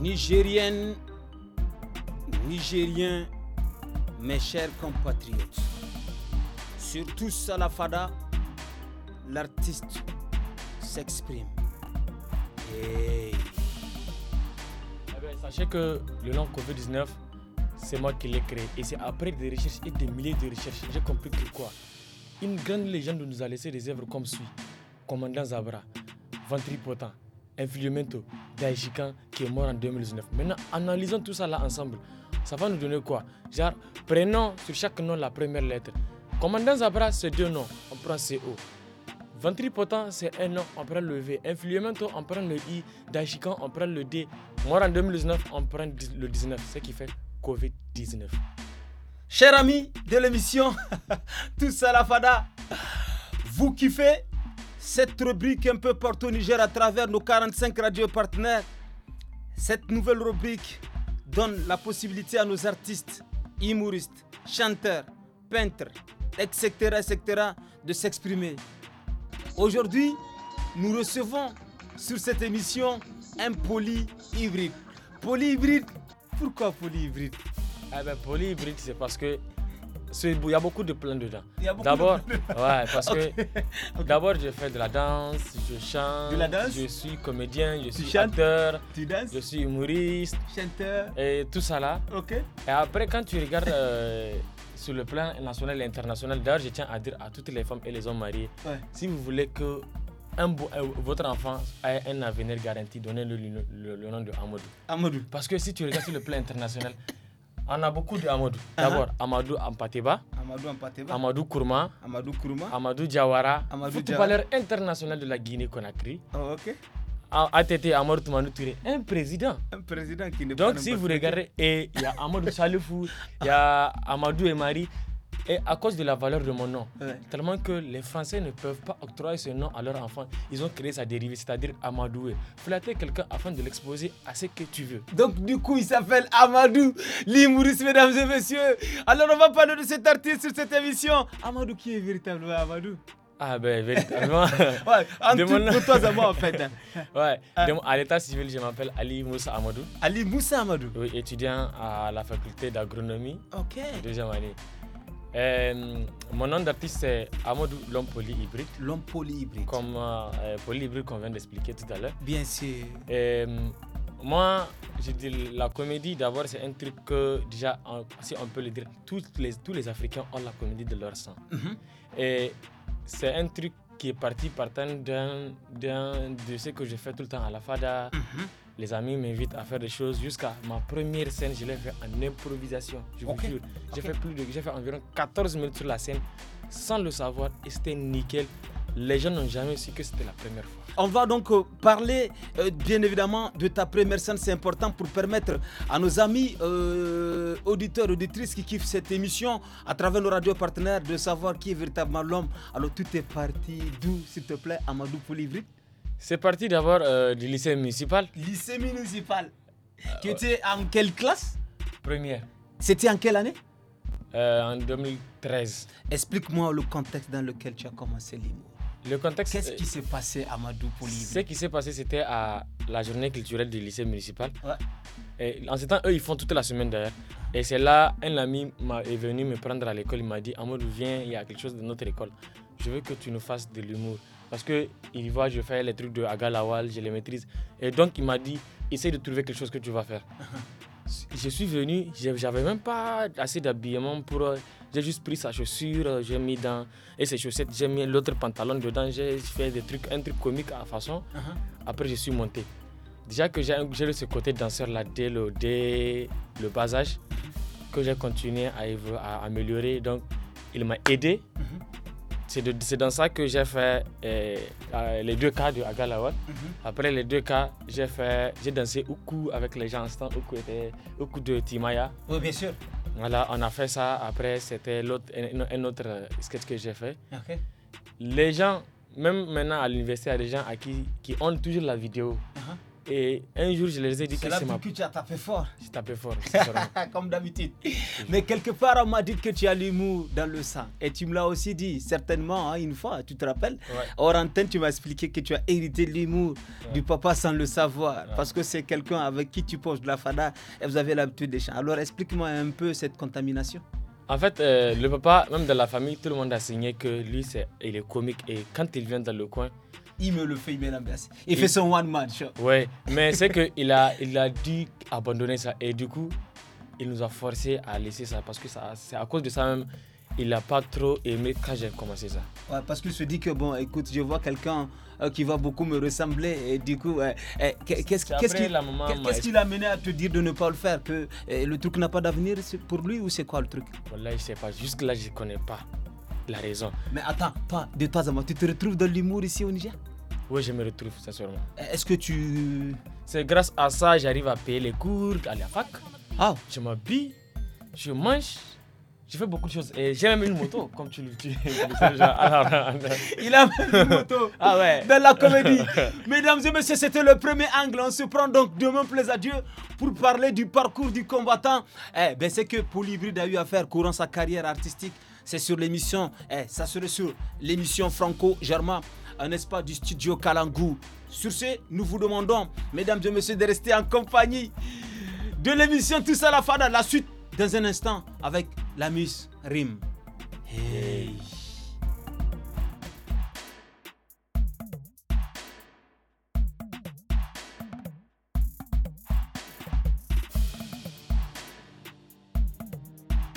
nigérienne, nigérien mes chers compatriotes, surtout Salafada, l'artiste s'exprime. Eh sachez que le nom Covid-19, c'est moi qui l'ai créé. Et c'est après des recherches et des milliers de recherches, j'ai compris que quoi Une grande légende nous a laissé des œuvres comme suit Commandant Zabra, Ventripotent. Infliumento d'Ajikan qui est mort en 2019. Maintenant, analysons tout ça là ensemble. Ça va nous donner quoi Genre, prenons sur chaque nom la première lettre. Commandant Zabra, c'est deux noms, on prend CO. Ventripotent, c'est un nom, on prend le V. Infliumento, on prend le I. D'Ajikan, on prend le D. Mort en 2019, on prend le 19, ce qui fait COVID-19. Chers amis de l'émission, tout ça la fada, vous kiffez cette rubrique un peu partout au Niger à travers nos 45 radios partenaires. Cette nouvelle rubrique donne la possibilité à nos artistes, humoristes, chanteurs, peintres, etc., etc., de s'exprimer. Aujourd'hui, nous recevons sur cette émission un polyhybride. Polyhybride, pourquoi polyhybride Eh ah bien, polyhybride, c'est parce que il y a beaucoup de plans dedans. D'abord, ouais, parce que d'abord je fais de la danse, je chante, je suis comédien, je suis chanteur, acteur, je suis humoriste, chanteur, et tout ça là. Ok. Et après quand tu regardes euh, sur le plan national et international, d'ailleurs je tiens à dire à toutes les femmes et les hommes mariés, si vous voulez que un euh, votre enfant ait un avenir garanti, donnez-le le, nom de Amadou. Parce que si tu regardes sur le plan international, On a beaucoup d'Amadou. Ah ah. D'abord, Amadou Ampateba. Amadou Ampateba. Amadou Kourma. Amadou Jawara, Amadou Diawara. Amadou Footballeur international de la Guinée-Conakry. Oh, ok. ATT Amadou Toumanou Touré, un président. Un président qui ne Donc, si vous regardez, eh, il y a Amadou Salifou, il y a Amadou Emari, et à cause de la valeur de mon nom, tellement que les Français ne peuvent pas octroyer ce nom à leur enfant, ils ont créé sa dérivée, c'est-à-dire Amadoué. Flatter quelqu'un afin de l'exposer à ce que tu veux. Donc, du coup, il s'appelle Amadou Limouris, mesdames et messieurs. Alors, on va parler de cet artiste sur cette émission. Amadou, qui est véritablement Amadou ah ben véritablement. ouais, en de tout, mon... pour moi en fait. ouais. Ah. à l'état civil, je m'appelle Ali Moussa Amadou. Ali Moussa Amadou. Oui, étudiant à la faculté d'agronomie. Ok. Deuxième année. Euh, mon nom d'artiste c'est Amadou l'homme polyhybride. L'homme polyhybride. Comme euh, polyhybride qu'on vient d'expliquer tout à l'heure. Bien sûr. Euh, moi, je dis la comédie d'abord c'est un truc que déjà si on peut le dire, tous les tous les Africains ont la comédie de leur sang. Mhm. Et c'est un truc qui est parti partant d'un de ce que je fais tout le temps à la Fada. Mhm les amis m'invitent à faire des choses. Jusqu'à ma première scène, je l'ai fait en improvisation. Je vous J'ai fait plus j'ai fait environ 14 minutes sur la scène sans le savoir et c'était nickel. Les gens n'ont jamais su que c'était la première fois. On va donc euh, parler euh, bien évidemment de ta première scène. C'est important pour permettre à nos amis euh, auditeurs, auditrices qui kiffent cette émission à travers nos radios partenaires de savoir qui est véritablement l'homme. Alors tout est parti d'où, s'il te plaît, Amadou Polivri c'est parti d'abord euh, du lycée municipal. Lycée municipal. tu euh, étais en quelle classe Première. C'était en quelle année euh, En 2013. Explique-moi le contexte dans lequel tu as commencé l'humour. Le contexte. Qu'est-ce qui s'est passé à Madou pour Ce qui s'est passé, c'était à la journée culturelle du lycée municipal. Ouais. Et en ce temps, eux, ils font toute la semaine d'ailleurs. Et c'est là, un ami est venu me prendre à l'école. Il m'a dit Amadou, viens, il y a quelque chose de notre école. Je veux que tu nous fasses de l'humour. Parce qu'il voit, je fais les trucs de Agalawal, je les maîtrise. Et donc, il m'a dit, essaye de trouver quelque chose que tu vas faire. je suis venu, j'avais même pas assez d'habillement pour. Euh, j'ai juste pris sa chaussure, euh, j'ai mis dans. Et ses chaussettes, j'ai mis l'autre pantalon dedans, j'ai fait des trucs, un truc comique à façon. Uh-huh. Après, je suis monté. Déjà que j'ai eu ce côté danseur là dès le, bas âge, que j'ai continué à, à, améliorer. Donc, il m'a aidé. Uh-huh. C'est dans ça que j'ai fait euh, euh, les deux cas de Agalawa. Mhm. Après les deux cas, j'ai fait j'ai dansé Oku avec les gens en Oku de Timaya. Oui, bien sûr. Voilà, on a fait ça. Après, c'était un, autre euh, sketch que j'ai fait. Les gens, même maintenant à l'université, il y a des gens à qui, qui ont toujours la vidéo. Et un jour, je les ai dit que c'est ma... que tu as tapé fort. J'ai tapé fort. Comme d'habitude. Mais quelque part, on m'a dit que tu as l'humour dans le sang. Et tu me l'as aussi dit, certainement, hein, une fois, tu te rappelles ouais. Hors tu m'as expliqué que tu as hérité l'humour du papa sans le savoir. Parce que c'est quelqu'un avec qui tu poses de la fada et vous avez l'habitude des chants. Alors explique-moi un peu cette contamination. En fait, euh, le papa, même de la famille, tout le monde a signé que lui, c'est il est comique. Et quand il vient dans le coin, il me le fait, il me Il, fait son one man show. Ouais, mais c'est qu'il a, il a dû abandonner ça et du coup, il nous a forcé à laisser ça parce que ça, c'est à cause de ça même. Il n'a pas trop aimé quand j'ai commencé ça. Ouais, parce qu'il se dit que, bon, écoute, je vois quelqu'un euh, qui va beaucoup me ressembler et du coup, eh, qu'est-ce qu'est-ce qui l'a mené à te dire de ne pas le faire Que eh, le truc n'a pas d'avenir pour lui ou c'est quoi le truc Là, je ne sais pas. Jusque-là, je ne connais pas la raison. Mais attends, toi, de toi en tu te retrouves dans l'humour ici au Niger oui, je me retrouve, sûr. Est-ce que tu. C'est grâce à ça que j'arrive à payer les cours à la fac. Ah. Je m'habille, je mange, je fais beaucoup de choses. Et j'ai même une moto, comme tu le dis. Il a une moto. Ah ouais. Dans la comédie. Mesdames et messieurs, c'était le premier angle. On se prend donc demain, plaisir à Dieu, pour parler du parcours du combattant. Eh ben, c'est que Polybride a eu à faire courant sa carrière artistique. C'est sur l'émission, eh, ça serait sur l'émission Franco-Germain un espace du studio Kalangou. Sur ce, nous vous demandons, mesdames et messieurs, de rester en compagnie de l'émission Tous à la Fada. La suite dans un instant avec la rime Rim. Hey.